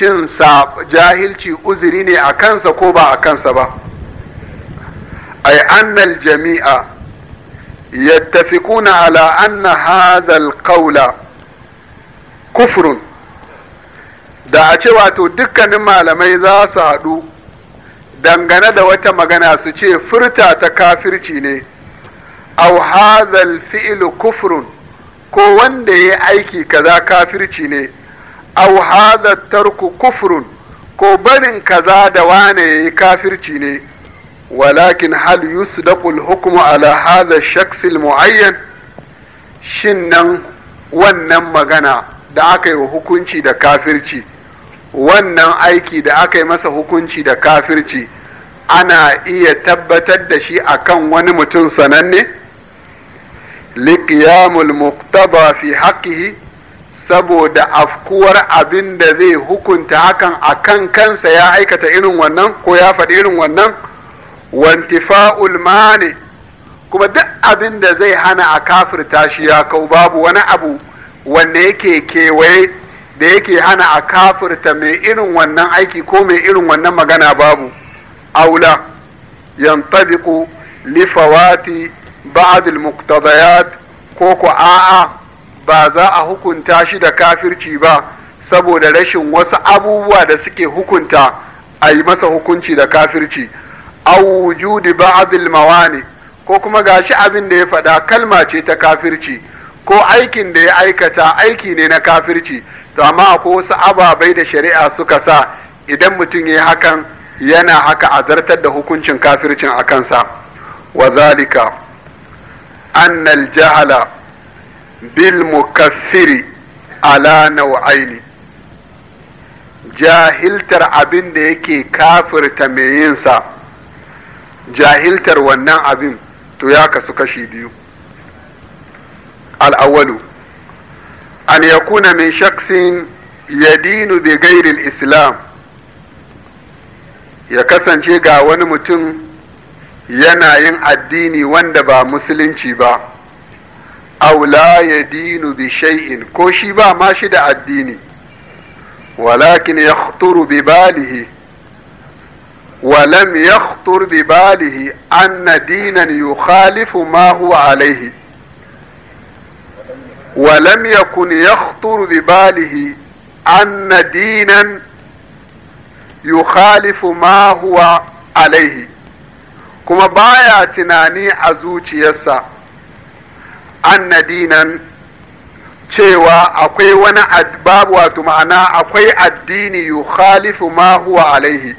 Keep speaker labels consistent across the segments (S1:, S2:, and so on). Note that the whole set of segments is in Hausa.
S1: shin jahilci uzuri ne a kansa ko ba a kansa ba ay annal jami'a yattafiquna ala anna hadha alqawla kufrun da a ce wato dukkanin malamai za su haɗu dangane da wata magana su ce furta ta kafirci ne aw hadha alfi'lu kufrun ko wanda ya aiki kaza kafirci ne Au hada tarku kufrun ko barin kaza da wane yayi kafirci ne walakin hal yusdaqu hukmu ala hadha shakhs al-mu'ayyan shin nan wannan magana da aka yi wa hukunci da kafirci wannan aiki da aka yi masa hukunci da kafirci ana iya tabbatar da shi akan wani mutum sananne liqiyamul muktaba fi haqqihi saboda afkuwar abin da zai hukunta hakan a kan kansa ya aikata irin wannan ko ya faɗi irin wannan wantifa'ul mani kuma duk abin da zai hana a kafirta shi ya kau babu wani abu wanda yake kewaye da yake hana a kafirta mai irin wannan aiki ko mai irin wannan magana babu aula yantabiqu Lifawati, fawati ba'd al-muqtadayat ko ko a'a ba za a hukunta shi da kafirci ba saboda rashin wasu abubuwa da suke hukunta a yi masa hukunci da kafirci aw wujudi ba'dil ne. ko kuma gashi abin da ya faɗa kalma ce ta kafirci ko aikin da ya aikata aiki ne na kafirci to amma akwai wasu ababai da shari'a suka sa idan mutum ya hakan yana haka a zartar da hukuncin kafircin a kansa wa zalika annal jahala bil mukaffiri ala nau'aini jahiltar abin da yake kafirta mai yinsa jahiltar wannan abin to ya kasu kashi biyu al'awalu an yakuna min shaksin yadinu bi gairil islam ya kasance ga wani mutum yana yin addini wanda ba musulunci ba aw la bi shay'in ko shi ba ma shi da addini walakin ya bi balihi walam ya yakhtur bi balihi dinan yukhalifu ma huwa alayhi wa lam yakun yakhtur bi balihi dinan yukhalifu ma huwa alayhi kuma baya tunani a zuciyarsa anna dinan cewa akwai wani babu wato ma'ana akwai addini yukhalifu ma huwa alaihi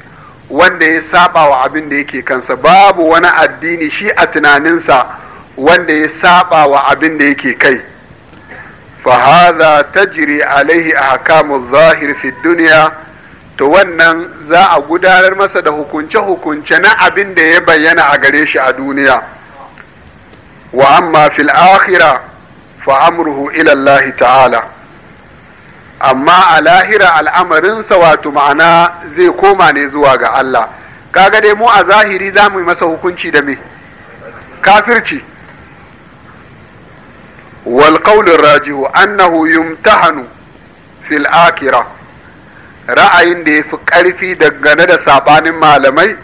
S1: wanda ya saba wa abin da yake kansa babu wani addini shi a tunaninsa wanda ya saba wa abin da yake kai fahaza tajri alaihi ahkamu zahir fi duniya to wannan za a gudanar masa da hukunce-hukunce na abin da ya bayyana a gare shi a duniya wa amma fil akhira fa amruhu ta'ala amma a lahira al'amarinsa wato ma'ana zai koma ne zuwa ga Allah kaga dai mu a zahiri za mu yi masa hukunci da me kafirci wal qawlur rajihu annahu yumtahanu fil akhirah ra'ayin da ya fi ƙarfi dangane da saɓanin malamai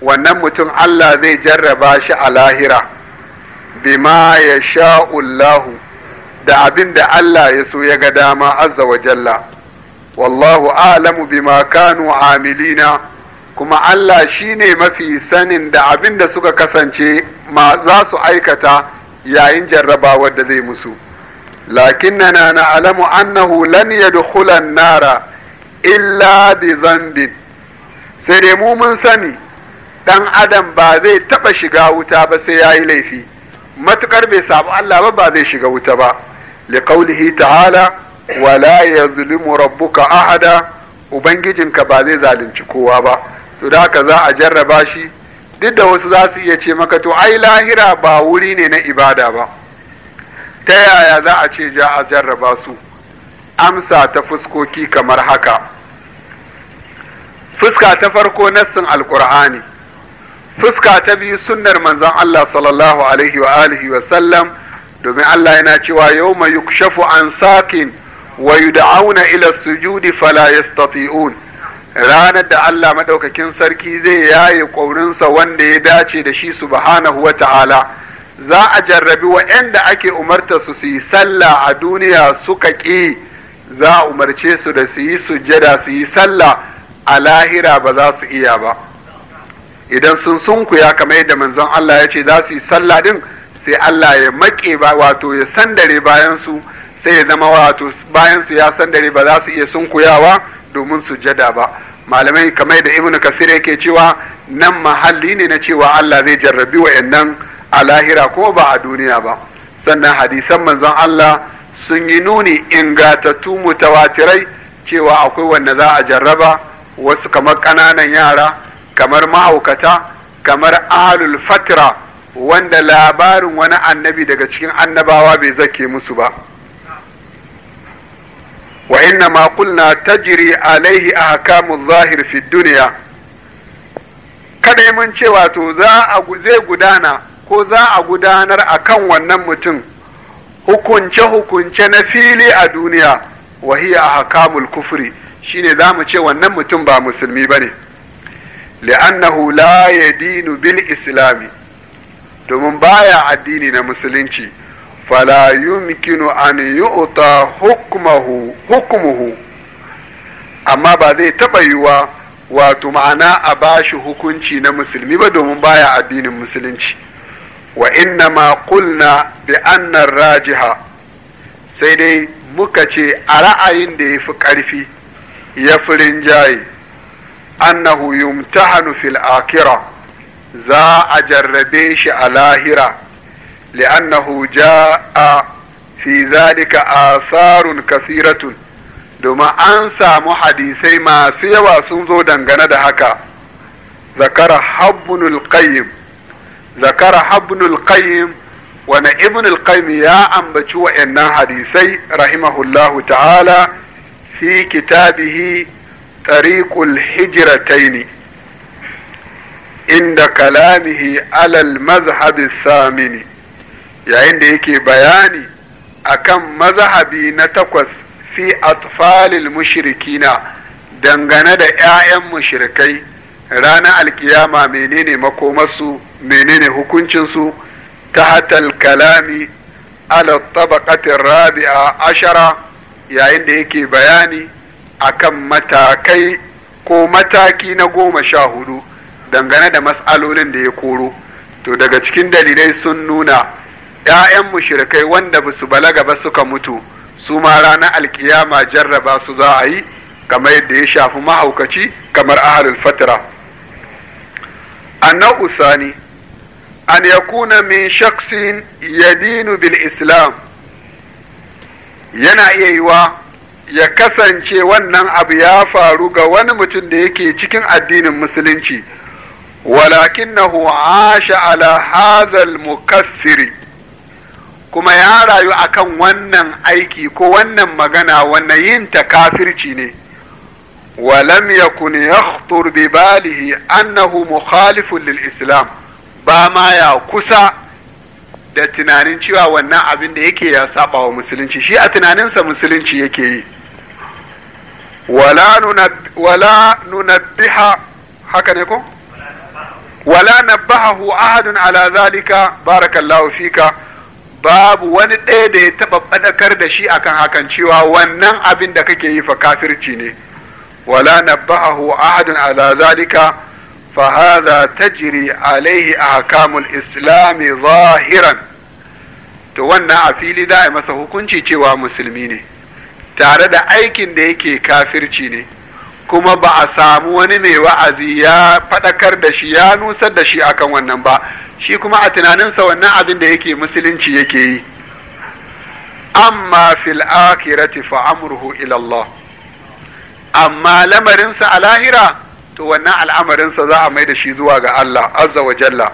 S1: wannan mutum Allah zai jarraba shi a lahira bima ya sha'ullahu da abin da Allah ya so ya ga dama azza wa jalla wallahu a'lamu bima kanu amilina kuma Allah shine mafi sanin da abin da suka kasance ma za su aikata yayin jarrabawa da zai musu na alamu annahu lan yadkhula nara illa bi dhanbin sai dai mu mun sani dan adam ba zai taɓa shiga wuta ba sai yayi laifi matukar bai samu Allah ba ba zai shiga wuta ba qawlihi ta'ala wa la yazlimu rabbuka ahada ubangijinka ba zai zalunci kowa ba to da haka za a jarraba shi duk da wasu za su iya ce maka to ai lahira ba wuri ne na ibada ba ta yaya za a ce ja a jarraba su amsa ta fuskoki kamar haka fuska ta farko nassin alkur'ani fuska ta biyu sunnar manzon Allah sallallahu alaihi wa alihi wa sallam domin Allah yana cewa yawma yukshafu an sakin wa yud'auna ila sujudi fala yastati'un ranar da Allah madaukakin sarki zai yaye ƙaurinsa wanda ya dace da shi subhanahu wa ta'ala za a jarrabi waɗanda ake umarta su su yi sallah a duniya suka ƙi za a umarce su da su yi sujjada su yi sallah a lahira ba za su iya ba idan sun sunkuya kamar yadda manzon Allah ya ce za su yi sallah din sai Allah ya maƙe ba wato ya sandare bayan su sai ya zama wato bayan su ya sandare ba za su iya sunkuyawa domin su jada ba malamai kamar da ibnu kasir yake cewa nan mahalli ne na cewa Allah zai jarrabi wayannan a lahira ko ba a duniya ba sannan hadisan manzon Allah sun yi nuni ingatattu mutawatirai cewa akwai wanda za a jarraba wasu kamar ƙananan yara kamar mahaukata kamar ahlul fatra wanda labarin wani annabi daga cikin annabawa bai zake musu ba wa inna ma kulna tajri alaihi ahkamu zahir fi dunya kada mun ce wato za a zai gudana ko za a gudanar akan wannan mutum hukunce hukunce na fili a duniya wa hiya ahkamul kufri shine za mu ce wannan mutum ba musulmi bane ne li'annahu la yadinu bil islami domin baya addini na musulunci fala yumkinu an yu'ta hukmuhu amma ba zai taɓa yiwa wato ma'ana a bashi hukunci na musulmi ba domin baya addinin musulunci wa inna ma qulna bi anna rajiha sai dai muka ce a ra'ayin da ya fi ƙarfi ya fi rinjaye annahu yumtahanu fil akira za a jarrabe shi a lahira li'annahu ja'a fi zalika asarun kasiratun domin an samu hadisai masu yawa sun zo dangane da haka zakara habbunul qayyim zakara habbunul qayyim wani ibnul qayyim ya ambaci wa'annan hadisai rahimahullahu ta'ala fi kitabihi tariqul ne inda kalamihi alal mazhabi samini yayin da yake bayani akan mazhabi na takwas fi atfalil mushrikina dangane da 'ya'yan mushrikai ranar alkiyama menene makomarsu menene hukuncinsu ta hatal kalami ala tabaqatin rabi'a ashara yayin da yake bayani akan matakai ko mataki na goma sha hudu dangane da matsalolin da ya koro to daga cikin dalilai sun nuna ‘ya'yan mushrikai wanda ba su balaga ba suka mutu su ma ranar alkiyama jarraba su za a yi kamar yadda ya shafi mahaukaci kamar ahalul fatira annau usani an yakuna min shaksin yadinu bil islam yana iya yiwa ya kasance wannan abu ya faru ga wani mutum da yake cikin addinin musulunci walakinahu asha ala hazal mukassiri kuma ya rayu akan wannan aiki ko wannan magana wannan yin ta kafirci ne walam yakun yakhtur bi balihi annahu mukhalifun lil islam ba ma ya kusa da tunanin cewa wannan abin da yake ya saba wa musulunci shi a tunaninsa musulunci yake yi wala nunabbiha haka ne ko wala nabbahahu ahadun ala zalika barakallahu babu wani ɗaya da ya taɓa faɗakar da shi akan hakan cewa wannan abin da kake yi fa kafirci ne wala nabbahahu ahadun ala zalika ta jiri tajri a ahkamul islami zahiran to wannan a fili da a masa hukunci cewa musulmi ne tare da aikin da yake kafirci ne kuma ba a samu wani mai wa'azi ya faɗakar da shi ya nusar da shi akan wannan ba shi kuma a tunaninsa wannan abin da yake musulunci yake yi amma fil akhirati fa amruhu ila Allah amma lamarinsa a lahira to wannan al'amarinsa za a mai da shi zuwa ga Allah azza wa jalla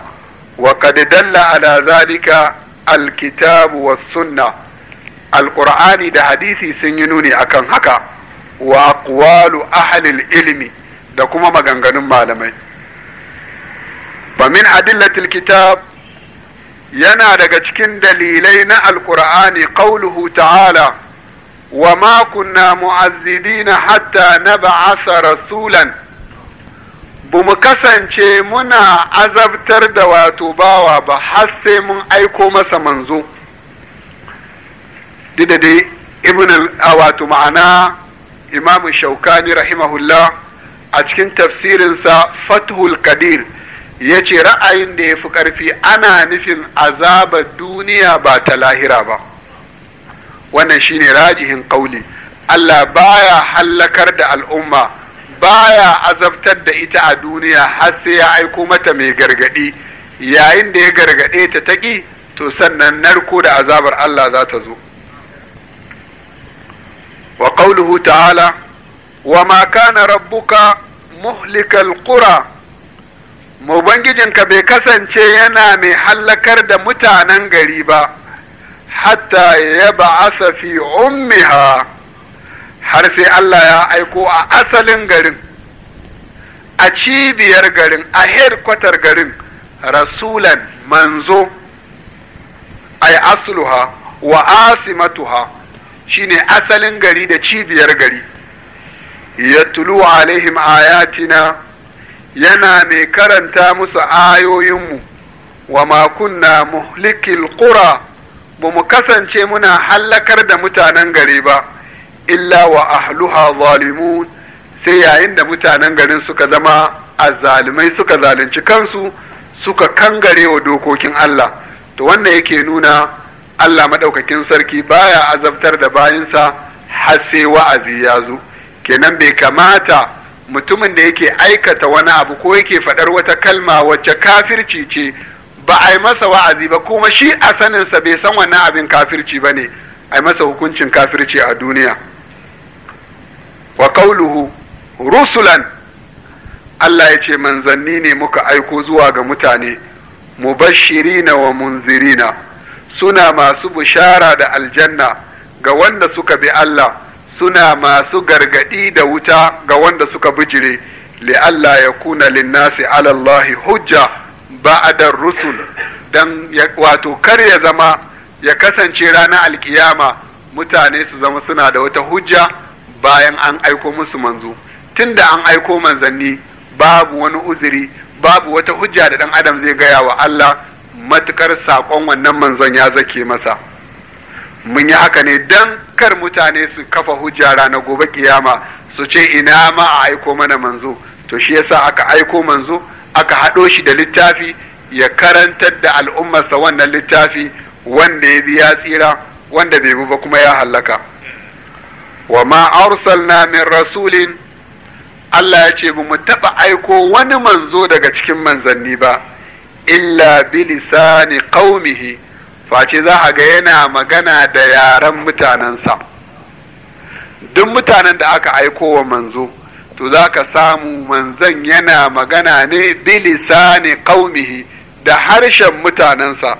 S1: wa qad dalla ala zalika alkitabu was sunnah alkur'ani da hadisi sun yi nuni akan haka wa aqwalu ilimi da kuma maganganun malamai famin adillatil kitab yana daga cikin dalilai na alkur'ani qauluhu ta'ala wa ma kunna mu'azzidina hatta nab'asa rasulan bamu kasance muna azabtar da wato bawa ba har sai mun aiko masa manzo dida dai ibn wato ma'ana imam shaukani rahimahullah a cikin tafsirinsa fathul kadir ya ce ra'ayin da yafi fi ƙarfi ana nufin azabar duniya ba ta lahira ba wannan shine rajihin ƙauli Allah baya hallakar da al'umma baya azabtar da ita a duniya har sai ya aiko mata mai gargadi. yayin da ya gargade ta taƙi to sannan narko da azabar Allah za ta zo wa qawluhu ta'ala wa ma kana rabbuka Mu qura ka bai kasance yana mai hallakar da mutanen gari ba, hatta ya ba'asa fi ummiha har sai Allah ya aiko a asalin garin, a cibiyar garin, a herkwatar garin, rasulan manzo, Ai asluha wa asimatuha shine asalin gari da cibiyar gari Ya tulu alaihim ayatina yana mai karanta musu ayoyinmu wa ma kunna muhlikil qura ba mu kasance muna hallakar da mutanen gari ba illa wa ahluha zalimun sai yayin da mutanen garin suka zama azzalumai suka zalunci kansu suka kangare wa dokokin Allah to wannan yake nuna Allah madaukakin sarki baya azabtar da bayansa har sai wa'azi ya zo kenan bai kamata mutumin da yake aikata wani abu ko yake faɗar wata kalma wacce kafirci ce ba a yi masa wa'azi ba kuma shi a saninsa bai san wannan abin kafirci ba ne a yi masa hukuncin kafirci a duniya wa kauluhu rusulan Allah ya ce manzanni ne muka aiko zuwa ga mutane mubashirina wa munzirina suna masu bushara da aljanna ga wanda suka bi Allah suna masu gargadi da wuta ga wanda suka bijire Allah ya kuna linnasi alallahi hujja ba'adar rusul dan wato kar ya zama ya kasance ranar alkiyama mutane su zama suna da wata hujja bayan an aiko musu manzo tunda an aiko manzanni babu wani uzuri babu wata hujja da dan adam zai gaya wa Allah matukar saƙon wannan manzon ya zake masa mun yi haka ne don kar mutane su kafa hujja ranar gobe kiyama su ce ina ma a aiko mana manzo to shi yasa aka aiko manzo aka haɗo shi da littafi ya karantar da al'ummarsa wannan littafi wanda ya bi ya tsira wanda bai bi ba kuma ya hallaka wa ma arsalna min rasulin Allah ya ce ba mu taɓa aiko wani manzo daga cikin manzanni ba illa bilisani qaumihi face za a ga yana magana da yaren mutanensa duk mutanen da aka aiko wa manzo to za ka samu manzon yana magana ne bilisani qaumihi da harshen mutanensa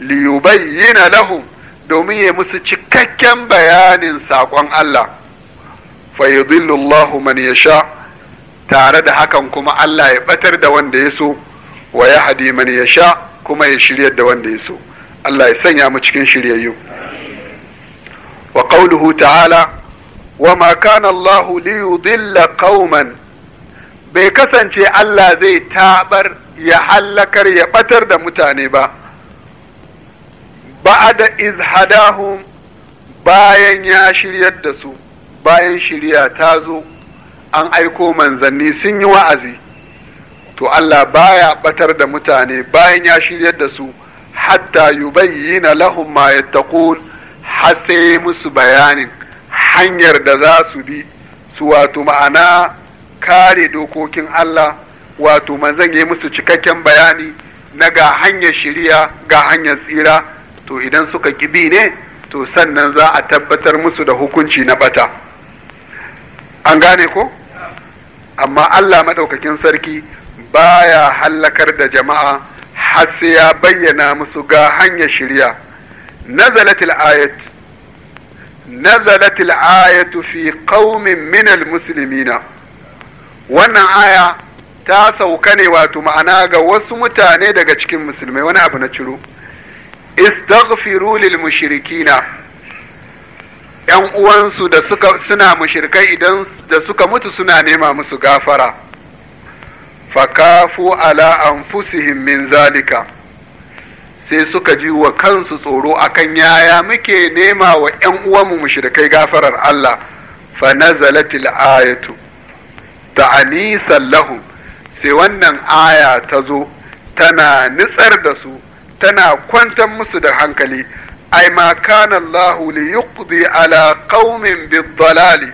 S1: liyubayyana lahum domin ya musu cikakken bayanin saƙon Allah fa yudhillu Allahu man yasha tare da hakan kuma Allah ya batar da wanda ya so wa ya hadi man sha kuma ya shiryar da wanda ya so Allah ya sanya mu cikin shiryayyu wa qauluhu ta'ala wa ma kana Allah li yudilla qauman bai kasance Allah zai tabar ya hallakar ya batar da mutane ba ba'ada iz hadahum bayan ya shiryar da su bayan shirya ta zo an aiko manzanni sun yi wa'azi to Allah baya batar da mutane bayan ya shiryar da su hatta yubayyana lahum ma yattaqul har musu bayanin hanyar da za su bi su wato ma'ana kare dokokin Allah wato manzan yi musu cikakken bayani na ga hanyar shiriya ga hanyar tsira to idan suka kibi ne to sannan za a tabbatar musu da hukunci na bata an gane ko amma Allah madaukakin sarki baya hallakar da jama'a har sai ya bayyana musu ga hanyar shirya nazalatil ayat nazalatil ayatu fi qaumin min almuslimina wannan aya ta sauka ne wato ma'ana ga wasu mutane daga cikin musulmai wani abu na ciro istaghfiru lil mushrikina ‘yan uwansu da suka suna mushrikai idan da suka mutu suna nema musu gafara’ fakafu ala anfusihim min zalika sai suka ji wa kansu tsoro akan yaya muke nema wa ‘yan uwanmu mushrikai gafarar Allah fa nazalatil ayatu ta'anisan lahum sai wannan aya ta zo tana nitsar da su tana kwantar musu da hankali ai ma kana Allah li yuqdi ala qaumin bid-dalali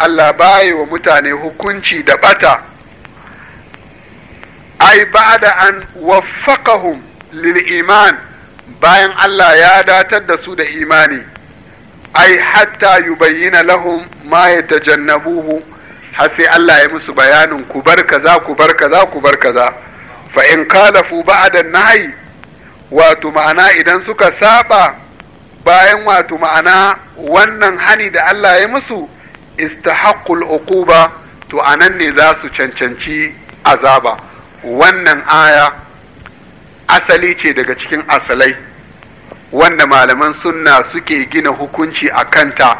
S1: Allah baya wa mutane hukunci da bata ai da an waffaqahum lil iman bayan Allah ya datar da su da imani ai hatta yubayyana lahum ma yatajannabuhu har sai Allah ya musu bayanin ku barka za, ku barka za, ku barka za. fa in kalafu ba'da nahyi wato ma'ana idan suka saba bayan wato ma'ana wannan hani da Allah ya musu uku ba, to anan ne za su cancanci azaba wannan aya asali ce daga cikin asalai wanda malaman sunna suke gina hukunci a kanta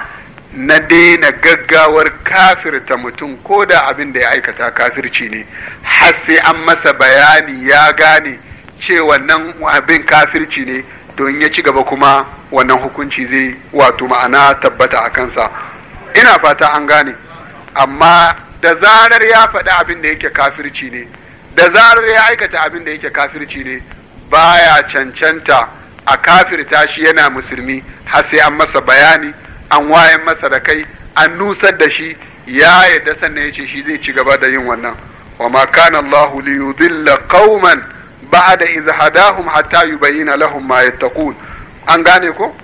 S1: na daina gaggawar kafirta mutum ko da abin da ya aikata kafirci ne har sai an masa bayani ya gane ce wannan abin kafirci ne don ya ci gaba kuma wannan hukunci zai wato ma'ana tabbata a kansa ina fata an gane amma da zarar ya faɗi abin da yake kafirci ne da zarar ya aikata abin da yake kafirci ne baya cancanta a kafirta shi yana musulmi har sai an masa bayani an wayan masa da kai an nusar da shi ya yadda sannan ya ce shi zai ci gaba da yin wannan wa ma kana Allah li yudilla qauman ba'da idh hadahum hatta yubayyana lahum ma yattaqun an gane ko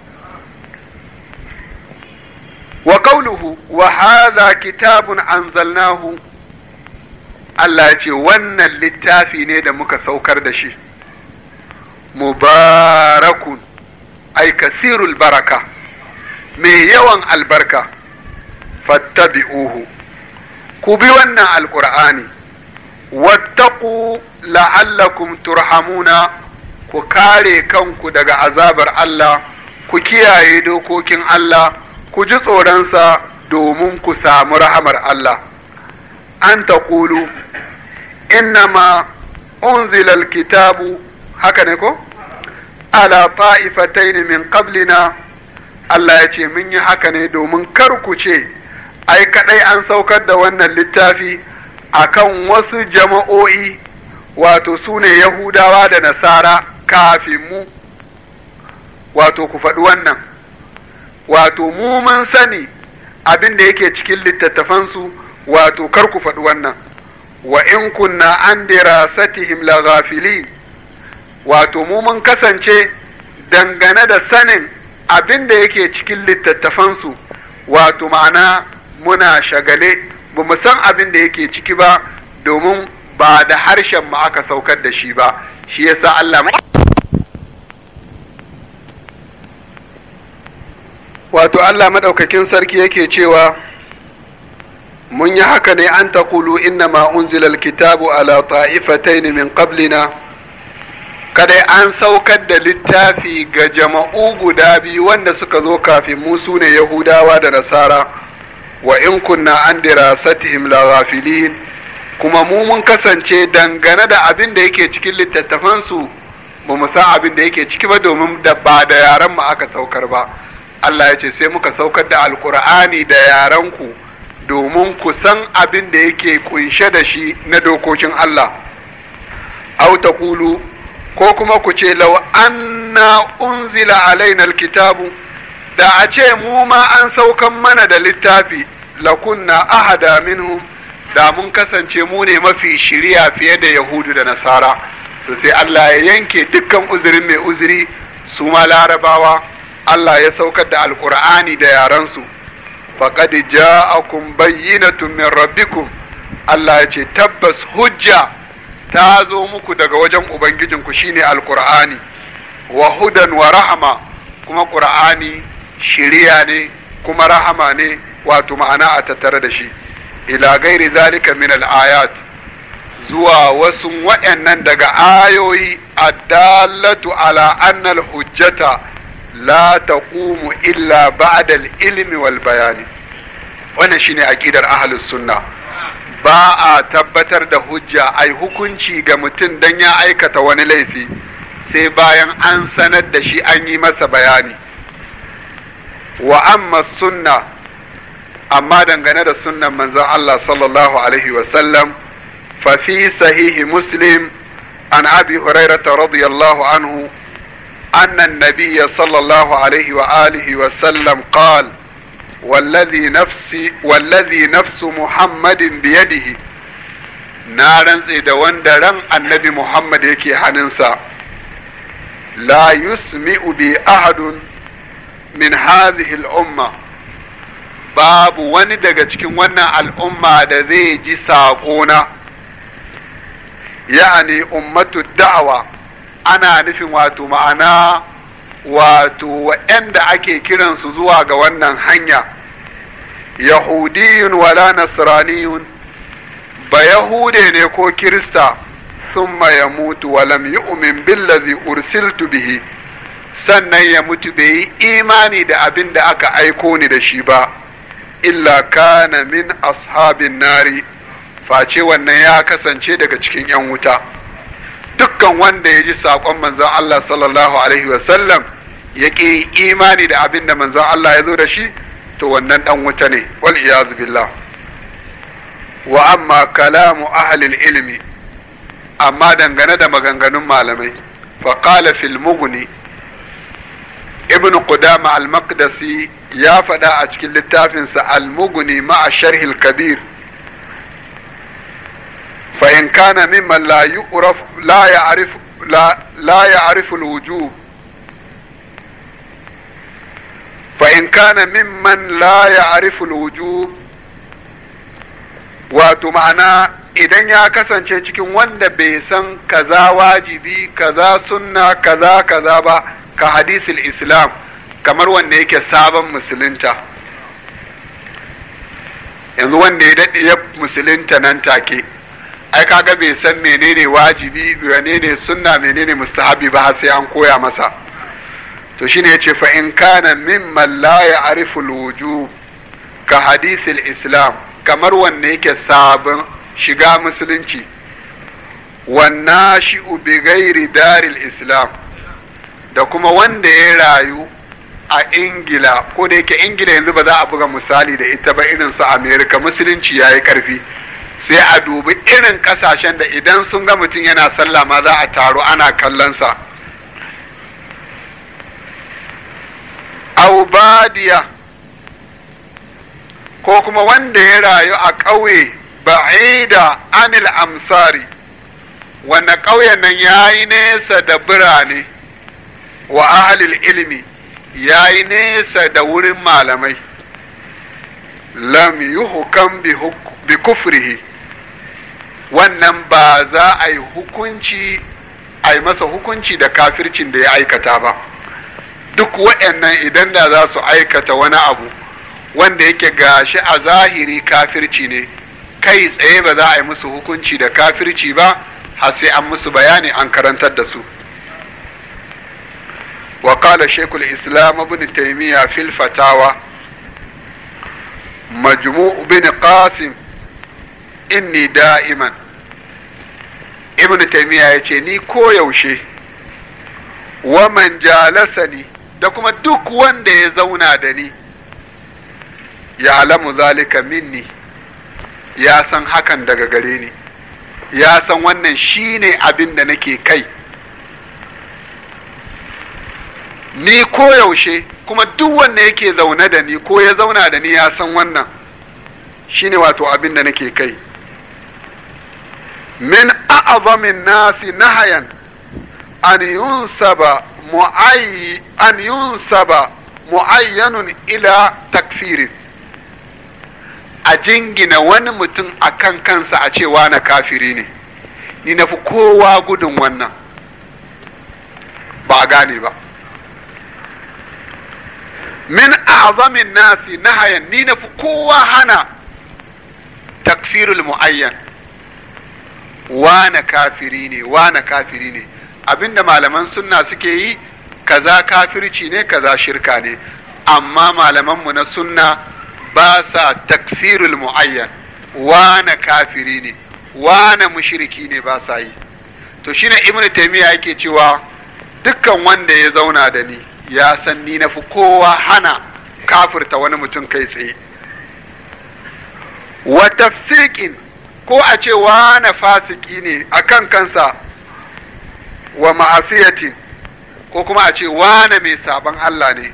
S1: wa qawluhu wa hadha kitabun anzalnahu Allah ya ce wannan littafi ne da muka saukar da shi mubarakun ai kasirul baraka mai yawan albarka fattabi'uhu ku bi wannan alƙur'ani wattaku la'allakum turhamuna ku kare kanku daga azabar Allah ku kiyaye dokokin Allah ku ji tsoronsa domin ku samu rahamar Allah an taqulu innama unzila kitabu, haka ne ko ala ta'ifatayn min qablina Allah ya ce mun yi haka ne domin kar ku ce ai kadai an saukar da wannan littafi kan wasu jama'o'i wato su ne Yahudawa da Nasara kafin mu wato ku faɗi wannan wato mu mun sani abinda yake cikin littattafansu wato kar ku faɗi wannan wa in kunna an dirasatihim la ghafili wato mu mun kasance dangane da sanin abin da yake cikin littattafansu wato ma'ana muna shagale ba mu san abin da yake ciki ba domin ba da harshen mu aka saukar da shi ba shi yasa Allah wato Allah madaukakin sarki yake cewa mun yi haka ne an ta kulu inna ma unzila alkitabu ala ta'ifatayn min qablina kadai an saukar da littafi ga jama'u guda biyu wanda suka zo kafin mu su yahudawa da nasara wa in kunna an dirasatihim la ghafilin kuma mu mun kasance dangane da abin da yake cikin littattafansu ba mu san abin da yake ciki ba domin da ba da yaran mu aka saukar ba Allah ya ce sai muka saukar da alkur'ani da yaran ku domin ku san abin da yake kunshe da shi na dokokin Allah ta kulu, ko kuma ku ce an na unzila alainar kitabu? da a ce mu ma an saukan mana da littafi lakunna ahada minhum da mun kasance mu ne mafi shiriya fiye da yahudu da nasara to sai Allah ya yanke dukkan uzurin mai uzuri su ma larabawa Allah ya saukar da alkur'ani da yarensu faqad ja'akum bayyinatun min rabbikum Allah ya ce tabbas hujja ta zo muku daga wajen ubangijinku shine alqur'ani wa hudan wa rahama kuma qur'ani shiriya ne kuma rahama ne wato ma'ana a tattare da shi ila gairi zalika min al-ayat zuwa wasu waɗannan daga ayoyi addallatu ala annal hujjata la taqumu illa ba'da al-ilmi bayani wannan shine aƙidar ahlus sunna ba a tabbatar da hujja ai hukunci ga mutum dan ya aikata wani laifi sai bayan an sanar da shi an yi masa bayani wa amma sunna amma dangane da sunnan manzon Allah sallallahu alaihi wa sallam fa fi sahihi muslim an abi hurairah radiyallahu anhu أن النبي صلى الله عليه وآله وسلم قال والذي نفسي والذي نفس محمد بيده نارا سيدا وندرا النبي محمد يكي حننسا لا يسمع بي أحد من هذه الأمة babu wani daga cikin wannan al'umma da zai ji saƙona, ya'ani ummatu da'awa ana nufin wato ma'ana wato waɗanda ake kiransu zuwa ga wannan hanya yahudiyun wala nasraniyun ba yahude ne ko kirista summa ya mutu walam yu'min billazi ursiltu bihi sannan ya mutu bai yi imani da abin da aka aiko ni da shi ba illa kana min ashabin nari face wannan ya kasance daga cikin 'yan wuta dukkan wanda ya ji saƙon manzon Allah sallallahu alaihi wasallam ya ƙi imani da abin da manzon Allah ya zo da shi to wannan ɗan wuta ne wal iyazu billah wa amma kalamu ahlil ilmi amma dangane da maganganun malamai fa qala fil mughni ibn qudama al-maqdisi ya faɗa a cikin littafinsa al-mughni ma'a sharhil kabir fa min kana mimman la yu'raf la ya'rif wato ma'ana idan ya kasance cikin wanda bai san kaza wajibi kaza sunna kaza kaza ba ka hadisul islam kamar wanda yake sabon musulunta yanzu wanda ya daɗe musulunta nan take ai kaga bai san menene wajibi menene sunna menene mustahabi ba sai an koya masa to shine yace fa in kana mimman la ya'rifu alwujub ka hadith alislam islam kamar wanne yake sabon shiga musulunci wanna shi bi ghairi daril islam da kuma wanda ya rayu a ingila ko da yake ingila yanzu ba za a buga misali da ita ba irin su america musulunci yayi karfi sai a dubi irin kasashen da idan sun ga mutum yana sallah ma za a taru ana kallonsa aubadiya ko kuma wanda ya rayu a ƙauye ba'ida anil amsari wanda ƙauyen nan ya yi nesa da birane wa ahalil ilmi ya yi nesa da wurin malamai lam hukam bi kufrihi wannan ba za a yi hukunci a yi masa hukunci da kafircin da ya aikata ba duk waɗannan idan da za su aikata wani abu wanda yake gashi a zahiri kafirci ne kai tsaye ba za a yi musu hukunci da kafirci ba har sai an musu bayani an karantar da su وقال شيخ الإسلام ابن تيمية في الفتاوى مجموع بن قاسم inni da'iman ibn taymiya ya ce ni koyaushe wa man jalasani da kuma duk wanda ya zauna da ni ya alamu zalika minni ya san hakan daga gare ni ya san wannan shine abin da nake kai ni koyaushe kuma duk wanda yake zaune da ni ko ya zauna da ni ya san wannan shine wato abin da nake kai min a'azamin nasi nahayan an yunsaba mu'ayyi an yunsaba mu'ayyanun ila takfirin a jingina wani mutum a kansa a cewa na kafiri ne ni na fi kowa gudun wannan ba gane ba min a'zamin nasi nahayan ni na fi kowa hana takfirul mu'ayyan wane kafiri ne wane kafiri ne abinda malaman sunna suke yi kaza kafirci ne kaza shirka ne amma malamanmu na sunna ba sa takfirul mu'ayyan wane kafiri ne wane mushriki ne ba sa yi to shine ibnu taymiya yake cewa dukkan wanda ya zauna da ni ya san ni na fi kowa hana kafirta wani mutum kai tsaye wa tafsikin ko a ce wane fasiki ne a kan kansa wa ma'asiyati ko kuma a ce wane mai sabon Allah ne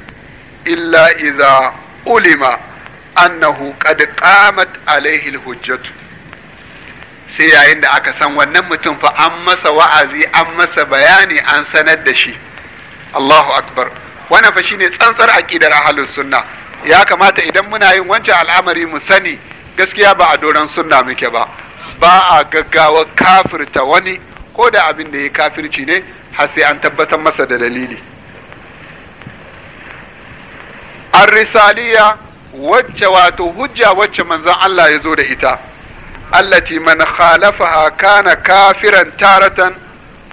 S1: illa iza ulima annahu qad qamat alaihi hujjatu sai yayin da aka san wannan mutum fa an masa wa'azi an masa bayani an sanar da shi Allahu akbar wannan fa shine tsantsar aqidar ahlus sunna ya kamata idan muna yin wancan al'amari mu sani gaskiya ba a doron sunna muke ba ba a gaggawa kafirta wani ko da abin da ya kafirci ne har sai an tabbatar masa da dalili ar-risaliya wacce wato hujja wacce manzon Allah ya zo da ita allati man khalafaha kana kafiran taratan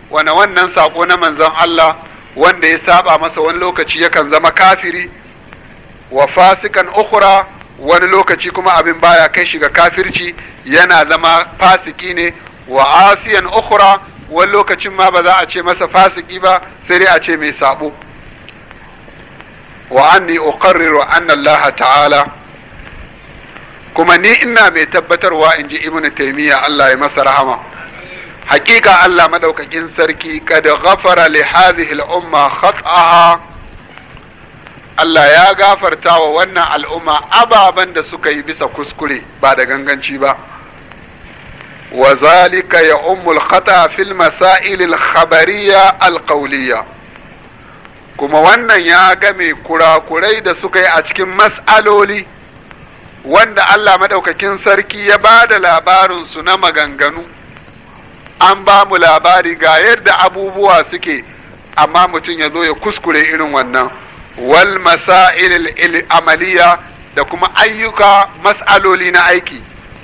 S1: wana wannan sako na manzon Allah wanda ya saba masa wani lokaci yakan zama kafiri wa fasikan ukhra wani lokaci kuma abin baya kai shiga kafirci yana zama fasiki ne wa asiyan ukhra wani lokacin ma ba za a ce masa fasiki ba sai dai a ce mai sabo wa anni uqarriru anna Allah ta'ala kuma ni ina mai tabbatarwa in ji ibnu taymiya Allah ya masa rahama haqiqa Allah madaukakin sarki kad ghafara li hadhihi al-umma khata'aha Allah ya gafarta wa wannan al'umma ababen da suka yi bisa kuskure ba da ganganci ba Wazalika ya الخطأ في المسائل الخبرية kuma wannan ya game kurakurai da suka yi a cikin mas'aloli wanda Allah maɗaukakin sarki ya ba da labarinsu na maganganu an ba mu labari ga yadda abubuwa suke amma mutum ya zo ya kuskure irin wannan wal masa'il amaliya da kuma ayyuka mas'aloli na aiki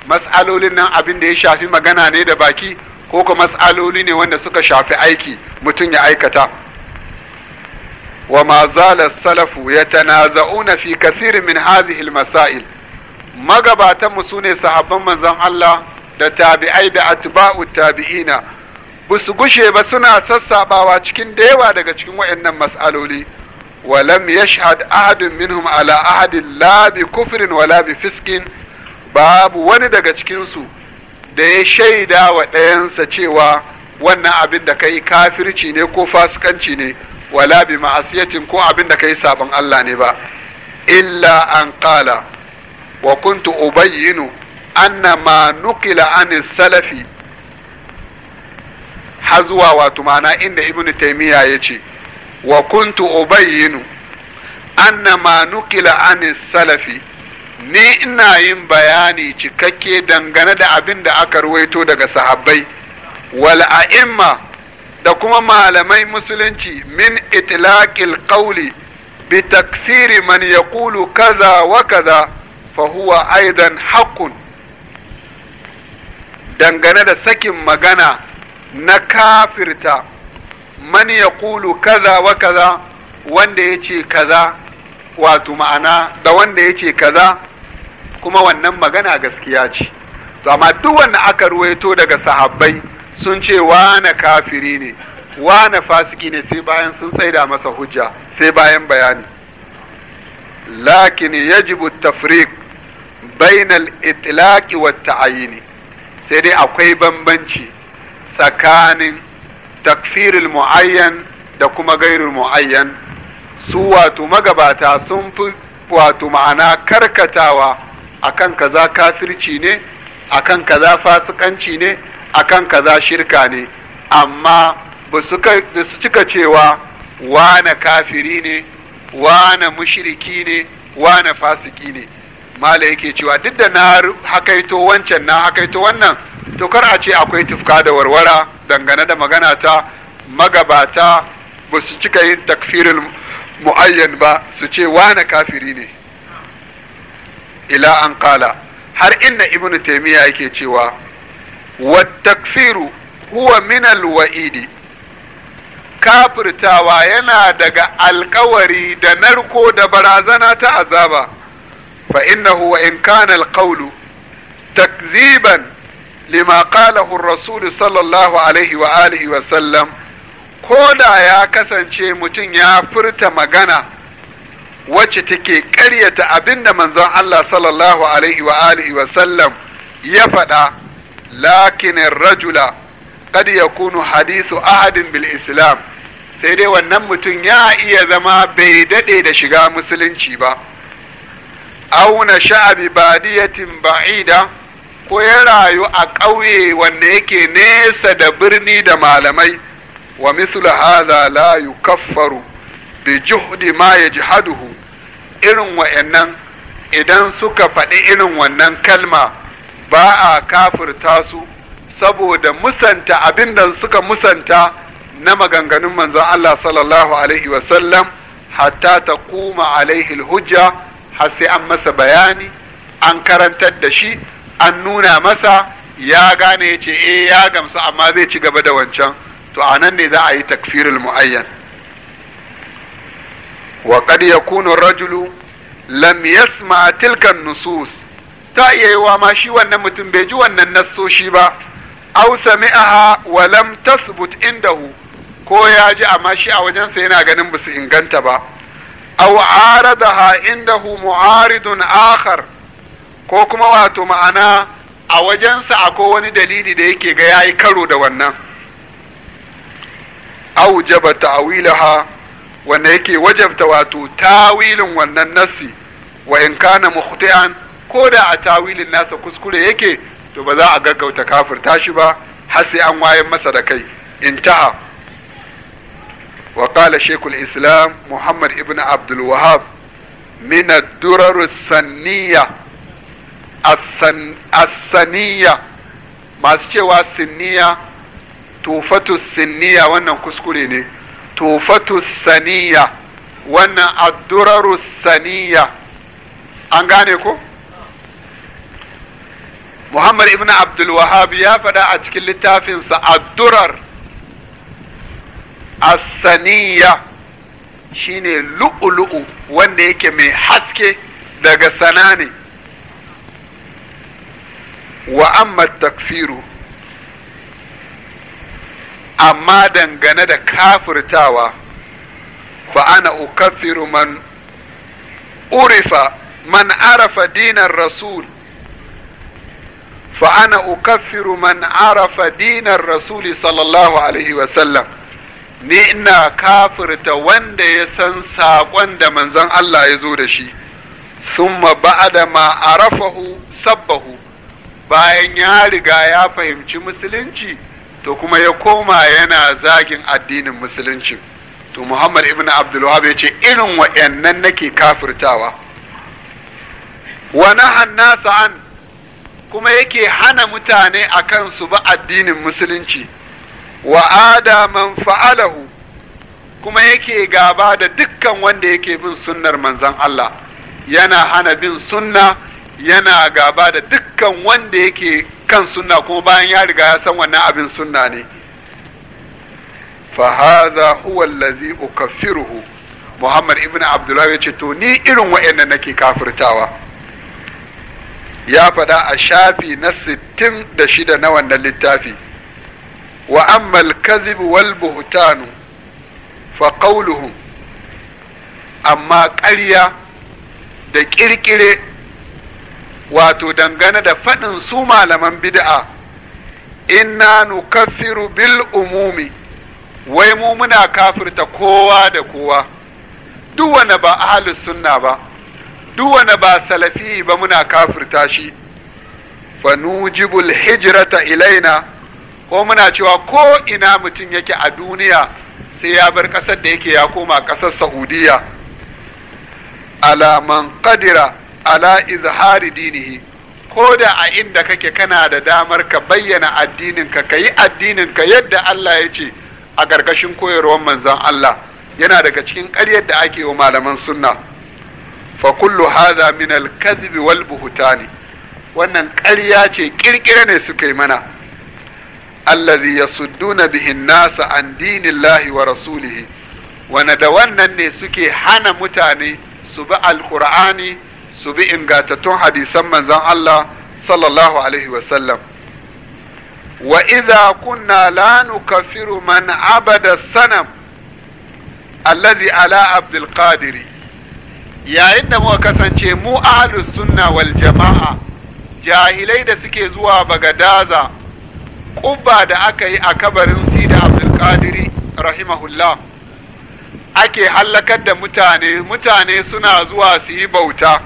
S1: mas'alolin nan abin da ya shafi magana ne da baki ko kuma mas'aloli ne wanda suka shafi aiki mutum ya aikata wa ma zala salafu na fi kasiri min hadhihi masail magabatanmu su ne sahabban manzon Allah da tabi'ai da atba'u tabi'ina ba su gushe ba suna sassabawa cikin da yawa daga cikin waɗannan mas'aloli walam yashhad ahadun minhum ala ahadin la bi kufrin wala bi fiskin babu wani daga cikinsu da ya shaida wa ɗayansa cewa wannan abin da kai kafirci ne ko fasikanci ne wala bi ma'asiyatin ko abin da kai sabon Allah ne ba illa an qala wa kuntu ubayyinu anna ma nukila an salafi hazuwa wato ma'ana inda ibnu taymiya yace wa kuntu ubayyinu anna ma nukila an salafi ni ina yin bayani cikakke dangane da abin da aka ruwaito daga sahabbai wal'a'imma, da kuma malamai musulunci min itlaqil qawli bi taksiri man yaqulu kaza wa kaza fa huwa aidan haqqun dangane da sakin magana na kafirta man yaqulu kaza wa kaza wanda yace kaza wato ma'ana da wanda yace kaza kuma wannan magana gaskiya ce to amma duk wanda aka ruwaito daga sahabbai sun ce wane kafiri ne wane fasiki ne sai bayan sun tsaida masa hujja sai bayan bayani lakin yajibu tafriq bainal itlaqi wat ta'ayini sai dai akwai bambanci tsakanin takfiril mu'ayyan da kuma gairul mu'ayyan su wato magabata sun fi wato ma'ana karkatawa akan kaza kafirci ne akan kaza fasikanci ne akan kaza shirka ne amma ba su cika cewa wane kafiri ne wane mushriki ne wane fasiki ne mala yake cewa duk da na hakaito wancan na hakaito wannan to kar a ce akwai tufka da warwara dangane da magana ta magabata ba su cika yin takfirin mu'ayyan ba su ce wane kafiri ne ila an qala har inna ibnu taymiya yake cewa wa takfiru huwa min waidi kafirtawa yana daga alkawari da narko da barazana ta azaba fa innahu wa in kana alqawlu takziban lima qalahu ar-rasul sallallahu alaihi wa alihi wa sallam ko da ya kasance mutum ya furta magana wacce take ƙaryata abinda manzon Allah sallallahu alaihi wa alihi wa sallam ya faɗa lakin rajula qad yakunu hadithu ahadin bil islam sai dai wannan mutum ya iya zama bai dade da shiga musulunci ba auna sha'abi badiyatin ba'ida ko ya rayu a ƙauye wanda yake nesa da birni da malamai wa mithlu hadha la yukaffaru bi juhdi ma yajhaduhu irin wa'annan idan suka faɗi irin wannan kalma ba a kafirta su saboda musanta abin da suka musanta na maganganun manzon Allah sallallahu alaihi wasallam hatta ta kuma alaihi hujja har sai an masa bayani an karantar da shi an nuna masa ya gane ya ce eh ya gamsu amma zai ci gaba da wancan to a nan ne za a yi takfirul mu'ayyan wa qad yakunu rajulu lam yasma tilkan nusus ta iya yiwa ma shi wannan mutum bai ji wannan nasoshi ba aw sami'aha wa lam tasbut indahu ko ya ji amma shi a wajensa yana ganin basu inganta ba aw aradaha indahu mu'aridun akhar ko kuma wato ma'ana a wajensa akwai wani dalili da yake ga yayi karo da wannan aw jaba ta'wilaha wanda yake wajabta wato tawilin wannan nassi wa in kana mukhti'an ko da a tawilin nasa kuskure yake to ba za a gaggauta kafirta shi ba har sai an wayan masa da kai intaha wa qala shaykhul islam muhammad ibn abdul wahhab min ad-durar as-sanniya as-sanniya masu cewa sinniya tufatu sinniya wannan kuskure ne tufatu saniya wannan adduraru saniya an gane ko muhammad ibn abdul wahab ya faɗa a cikin littafinsa addurar asaniya shine lu'ulu'u wanda yake mai haske daga sana ne wa amma takfiru amma dangane da kafirtawa fa ana ukaffiru man urifa man arafa dinar rasul fa ana ukaffiru man arafa dinar rasuli sallallahu alaihi wasallam ni ina kafirta wanda ya san saƙon da manzon Allah ya zo da shi thumma ba'da ma arafahu sabbahu bayan ya riga ya fahimci musulunci to kuma ya koma yana zagin addinin musulunci to muhammad ibn abdulwahab ya ce irin wa'annan nake kafirtawa wa nahan an kuma yake hana mutane akan su ba addinin musulunci wa ada man fa'alahu kuma yake gaba da dukkan wanda yake bin sunnar manzon Allah yana hana bin sunna yana gaba da dukkan wanda yake kan sunna kuma bayan ya riga ya san wannan abin sunna ne fa hadha huwa allazi ukaffiruhu Muhammad Ibnu Abdullah ya ce to ni irin wa'annan nake kafirtawa ya faɗa a shafi na sittin da shida na wannan littafi wa al-kadhib wal buhtan fa qawluhum amma ƙarya da ƙirƙire wato dangane da faɗin su malaman bid'a inna nukaffiru bil umumi wai mu muna kafirta kowa da kowa duk wanda ba ahlus sunna ba duk wanda ba salafi ba muna kafirta shi fa nujibul hijrata ilaina ko muna cewa ko ina mutum yake a duniya sai ya bar ƙasar da yake ya koma ƙasar saudiya ala man qadira ala izhari dinihi ko da a inda kake kana da damar ka bayyana addininka ka yi addininka yadda Allah ya ce a ƙarƙashin koyarwar manzon Allah yana daga cikin ƙaryar da ake wa malaman sunna fa kullu hadha min al-kadhib wal buhtani wannan ƙarya ce kirkire ne suka yi mana allazi yasudduna bihi nasa an dinillahi wa rasulihi wanda da wannan ne suke hana mutane su bi alqur'ani su bi ingantattun hadisan manzon Allah sallallahu alaihi wasallam wa idza kunna la nukaffiru man abada sanam alladhi ala abdul yayin da muka kasance mu ahlus sunna wal jama'a jahilai da suke zuwa bagadaza ƙubba da aka yi a kabarin sida abdul qadiri rahimahullah ake hallakar da mutane mutane suna zuwa su yi bauta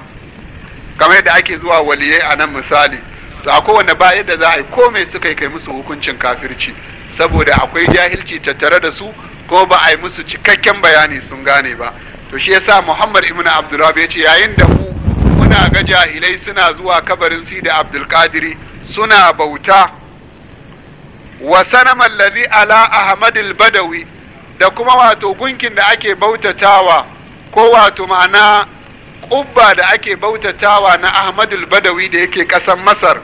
S1: kamar yadda ake zuwa waliyai a nan misali to a kowane ba yadda za a yi komai suka yi kai musu hukuncin kafirci saboda akwai jahilci tattare da su ko ba a yi musu cikakken bayani sun gane ba to shi yasa Muhammad ibn Abdullah ya ce yayin da mu muna ga jahilai suna zuwa kabarin da Abdul Qadir suna bauta wa sanama allazi ala Ahmad al-Badawi da kuma wato gunkin da ake bautatawa ko wato ma'ana ƙubba da ake bautatawa na Ahmadul Badawi da yake ƙasar Masar,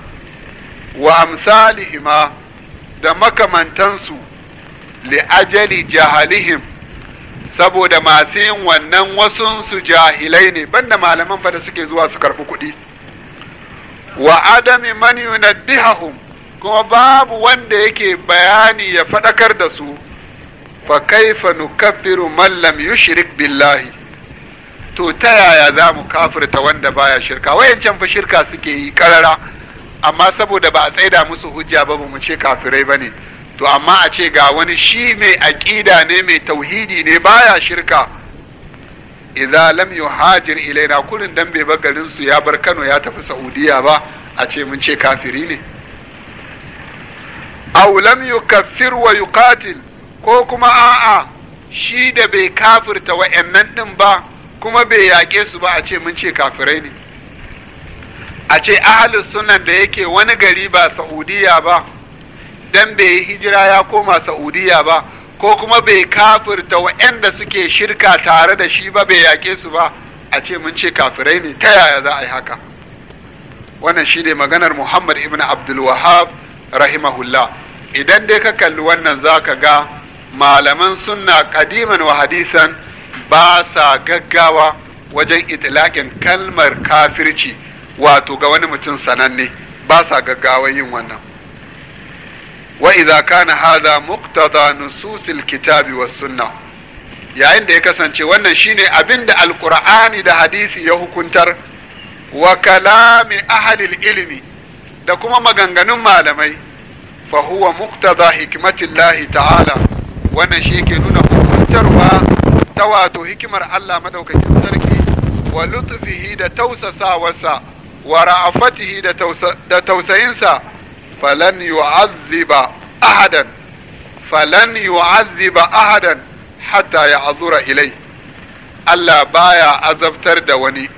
S1: wa amsalihima da makamantansu li'ajali jahalihim saboda masu yin wannan wasunsu jahilai ne, banda malaman fa da suke zuwa su karɓi kuɗi. Wa adami man yunaddihahum kuma babu wanda yake bayani ya faɗakar da su, fa kaifa nukaffiru man lam yushrik billahi. to ta yaya za mu kafirta wanda baya shirka wayancan fa shirka suke yi karara amma saboda ba a tsaida musu hujja ba mu ce kafirai bane to amma a ce ga wani shi mai aƙida ne mai tauhidi ne baya shirka idza lam yuhajir ilaina kullun dan bai bar garin su ya bar Kano ya tafi Saudiya ba a ce mun ce kafiri ne aw lam yukaffir wa yuqatil ko kuma a'a shi da bai kafirta wa'annan din ba kuma bai yaƙe su ba a ce mun ce kafirai ne a ce ahalus sunan da yake wani gari ba Saudiyya ba dan bai yi hijira ya koma Saudiyya ba ko kuma bai kafirta wa'anda suke shirka tare da shi ba bai yaƙe su ba a ce mun ce kafirai ne ta yaya za a yi haka wannan shi ne maganar muhammad ibn abdulwahab rahimahullah idan dai ka kalli wannan za ka ga malaman sunna kadiman wa hadisan ba sa gaggawa wajen itilakin kalmar kafirci wato ga wani mutum sananne ba sa gaggawa yin wannan wa idza kana hadha muqtada nususil kitabi wa sunnah yayin da ya kasance wannan shine abinda alqur'ani da hadisi ya hukuntar wa kalami ahli ilmi da kuma maganganun malamai fa huwa muqtada hikmatillahi ta'ala wannan shi ke nuna hukuntarwa ta wato hikimar Allah madaukakin sarki wa lutfihi da tausasawarsa wa ra'afatihi da tausayinsa falan yu'azziba ahadan falan yu'azziba ahadan hatta ya'zura ilai Allah baya azabtar da wani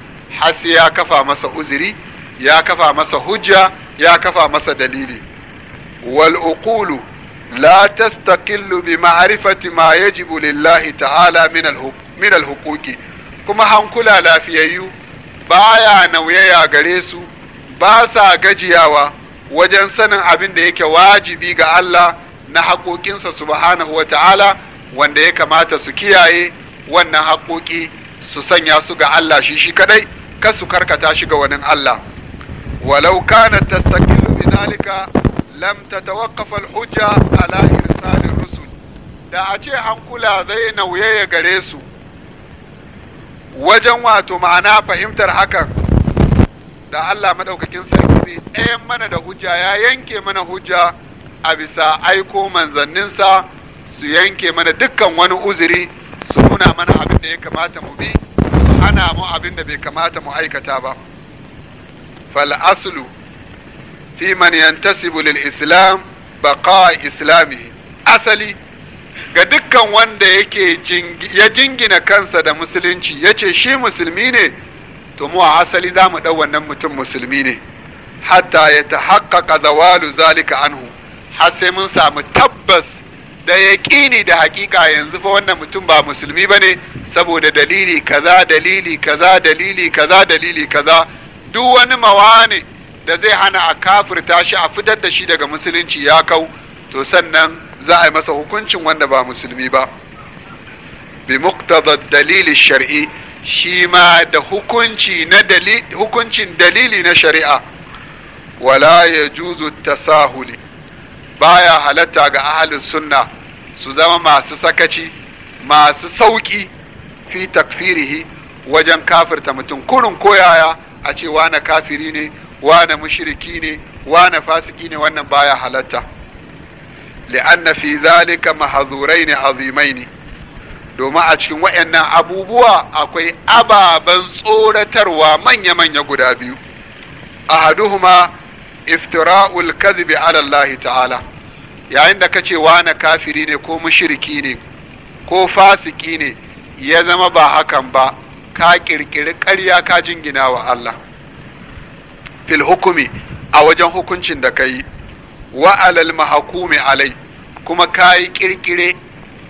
S1: Hasi ya kafa masa uzuri ya kafa masa hujja ya kafa masa dalili wal uqulu لا تستقل بمعرفة ما يجب لله تعالى من الحقوق من الحقوق كما هنكلا لافييو بايا نويا غريسو باسا غجياوا wajen sanin abin da yake wajibi ga Allah na haƙoƙinsa subhanahu wa ta'ala wanda ya kamata su kiyaye wannan haƙoƙi su sanya su ga Allah shi shi kadai kar su karkata shi ga wani Allah walau kana tastaqilu bi zalika lam tatawaqqaf al-hujja ala irsal ar-rusul da a ce an zai nauye ya gare su wajen wato ma'ana fahimtar hakan da Allah madaukakin sarki zai ɗayan mana da hujja ya yanke mana hujja a bisa aiko manzanninsa su yanke mana dukkan wani uzuri su nuna mana abin da ya kamata mu bi su hana mu abin da bai kamata mu aikata ba fal aslu fi man yantasibu islam baqa islamihi asali ga dukkan wanda yake ya jingina kansa da musulunci yace shi musulmi ne to mu a asali za mu ɗau wannan mutum musulmi ne hatta ya ta haƙaƙa zawalu zalika anhu har sai mun samu tabbas da yaƙini da haƙiƙa yanzu fa wannan mutum ba musulmi ba ne saboda dalili kaza dalili kaza dalili kaza dalili kaza duk wani mawane da zai hana a kafirta shi a fitar da shi daga musulunci ya kau to sannan za a yi masa hukuncin wanda ba musulmi ba bi muqtada dalili shari'i shi ma da hukunci na dalili hukuncin dalili na shari'a wala yajuzu tasahuli baya halatta ga ahalin sunna su zama masu sakaci masu sauƙi, fi takfirihi wajen kafirta mutum kurin koyaya a cewa na kafiri ne wane mushiriki ne wane fasiki ne wannan baya halatta li'anna fi zalika azimai azimain domin a cikin wayannan abubuwa akwai ababen tsoratarwa manya-manya guda biyu ahaduhuma iftira'ul kadhibi ala Allah ta'ala yayin da kace wane kafiri ne ko mushiriki ne ko fasiki ne ya zama ba hakan ba ka kirkiri ƙarya ka jingina wa Allah fil hukumi a wajen hukuncin da kai wa alal mahakumi alai kuma kayi kirkire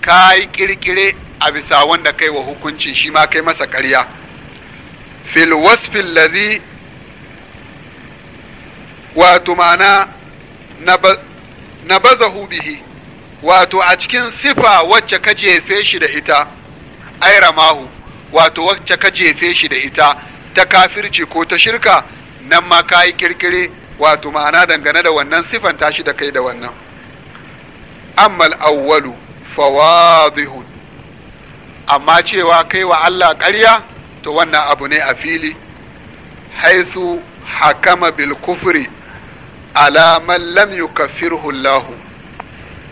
S1: kayi kirkire a bisa wanda kai wa hukuncin shi ma kai masa ƙarya fil wasfil ladhi wato ma'ana na bazahu bihi wato a cikin sifa wacce ka jefe shi da ita ai ramahu wato wacce ka jefe shi da ita ta kafirci ko ta shirka nan ma ka yi kirkire wato ma'ana dangane da wannan sifanta shi da kai da wannan ammal awwalu fawadihun amma cewa kai wa Allah ƙarya to wannan abu ne a fili haisu hakama bil kufri ala man lam yukaffirhu Allah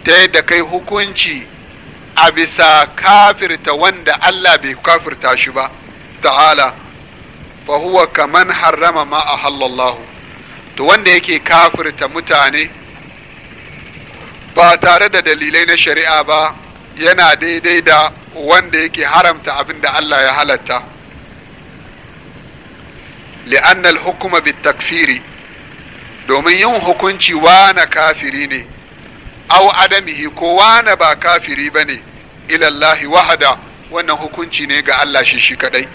S1: ta yadda kai hukunci a bisa kafirta wanda Allah bai kafirta shi ba ta'ala fa huwa kaman harrama ma ahallallahu to wanda yake kafirta mutane ba tare da dalilai na shari'a ba yana daidai da wanda yake haramta abin da Allah ya halatta li'anna al-hukuma bit domin yin hukunci wana kafiri ne au adamihi ko wana ba kafiri bane ilallahi wahada wannan hukunci ne ga Allah shi shi kadai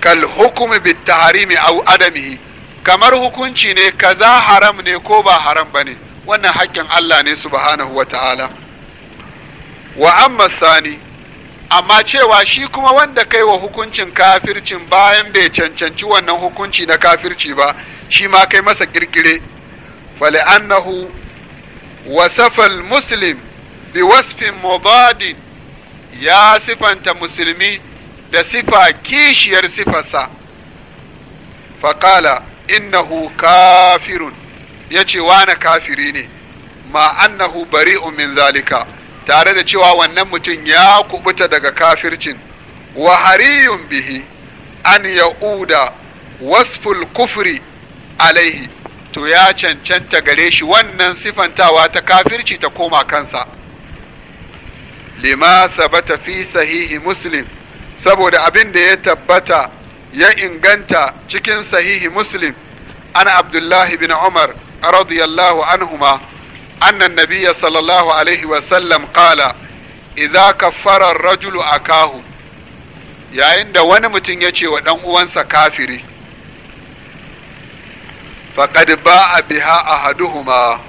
S1: kal hukumi bi tahrimi aw adamihi kamar hukunci ne kaza haram ne ko ba haram bane wannan haƙƙin Allah ne subhanahu wataala wa amma sani amma cewa shi kuma wanda kai wa hukuncin kafircin bayan bai cancanci wannan hukunci na kafirci ba shi ma kai masa kirkire fal'annahu wasafa muslim bi wasfin mudadin ya sifanta musulmi da sifa kishiyar sifarsa faƙala innahu kafirun ya ce wane kafiri ne ma annahu bari min zalika tare da cewa wannan mutum ya kubuta daga kafircin wa hariyun bihi an ya'uda wasful kufri alaihi to ya cancanta gare shi wannan sifantawa ta kafirci ta koma kansa lima sabata fi sahihi muslim saboda abin da ya tabbata ya inganta cikin sahihi muslim an abdullahi bin umar radiyallahu anhuma أن النبي صلى الله عليه وسلم قال إذا rajulu الرجل yayin da wani mutum ya ce wa ɗan uwansa kafiri faƙad ba a biha a haduhuma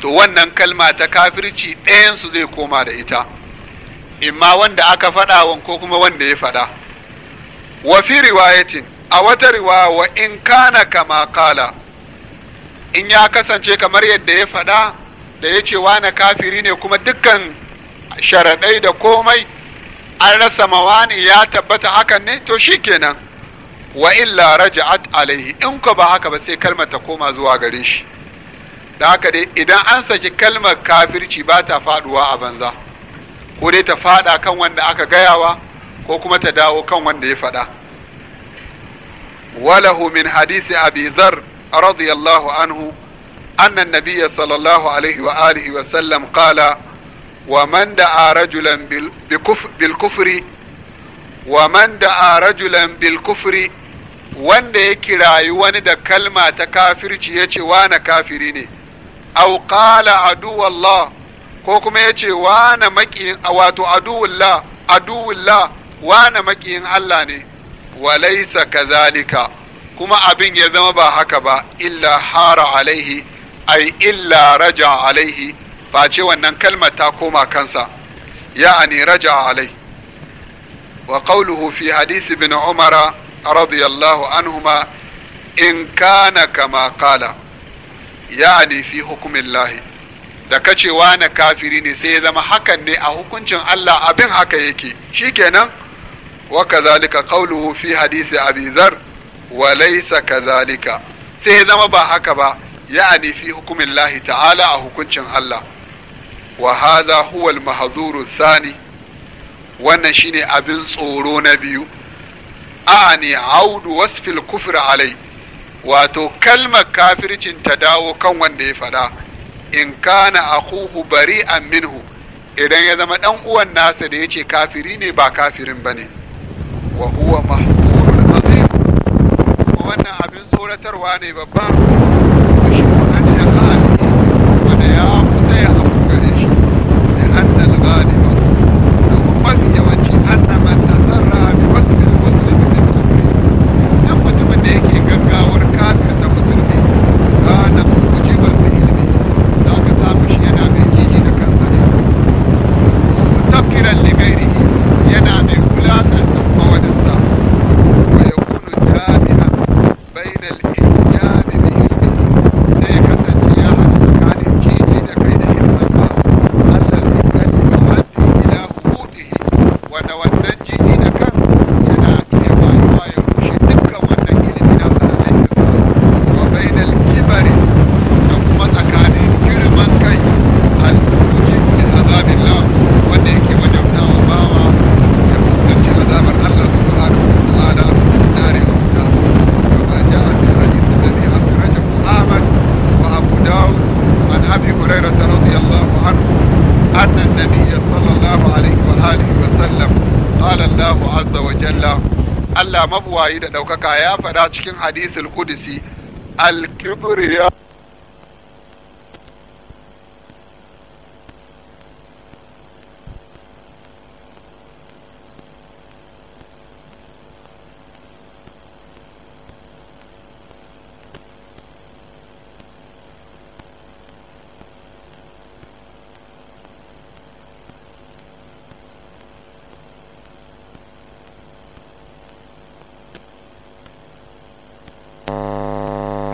S1: to wannan kalma ta kafirci ɗayansu zai koma da ita imma wanda aka wa ko kuma wanda ya faɗa wa fi riwayatin a wata riwaya wa in kana kama kala in ya kasance kamar yadda ya faɗa da ya ce wane kafiri ne kuma dukkan sharaɗai da komai an rasa mawani ya tabbata hakan ne to shi kenan wa illa raja'at alaihi in ko ba haka ba sai kalmar ta koma zuwa gare shi da haka dai idan an saki kalmar kafirci ba ta faɗuwa a banza ko dai ta faɗa kan wanda aka gayawa ko kuma ta dawo kan wanda ya faɗa walahu min hadisi abi dhar radiyallahu anhu anna nabiyya sallallahu alaihi wa alihi wa sallam qala ومن دعا رجلا بالكفر ومن wanda ya kirayi wani da kalma ta kafirci ya ce kafiri ne, au qala aduwallah ko kuma ya ce wane maƙiyin wato aduwullah aduwullah wane maƙiyin Allah ne walaisa kazalika kuma abin ya zama ba haka ba illa hara alaihi ai illa raja alaihi face wannan kalmar ta koma kansa ya'ani raja alai wa qawluhu fi hadisi bin umara radiyallahu anhuma in kana kama qala ya'ani fi hukmillahi da kacewa na kafiri ne sai ya zama hakan ne a hukuncin Allah abin haka yake shikenan wa kazalika qawluhu fi hadisi abi dhar wa laysa kazalika sai ya zama ba haka ba ya fi hukumin lahi ta'ala a hukuncin Allah wa hadha huwa al-mahdhuru thani wannan shine abin tsoro na biyu a'ani audu wasfil kufra alai wato kalmar kafircin ta dawo kan wanda ya faɗa in kana akuhu bari'an minhu idan ya zama dan uwan nasa da yace kafiri ne ba kafirin bane wa huwa mahzurul azim wannan abin tsoratarwa ne babba buwayi da ɗaukaka ya faɗa cikin hadisul kudusi al-kibriya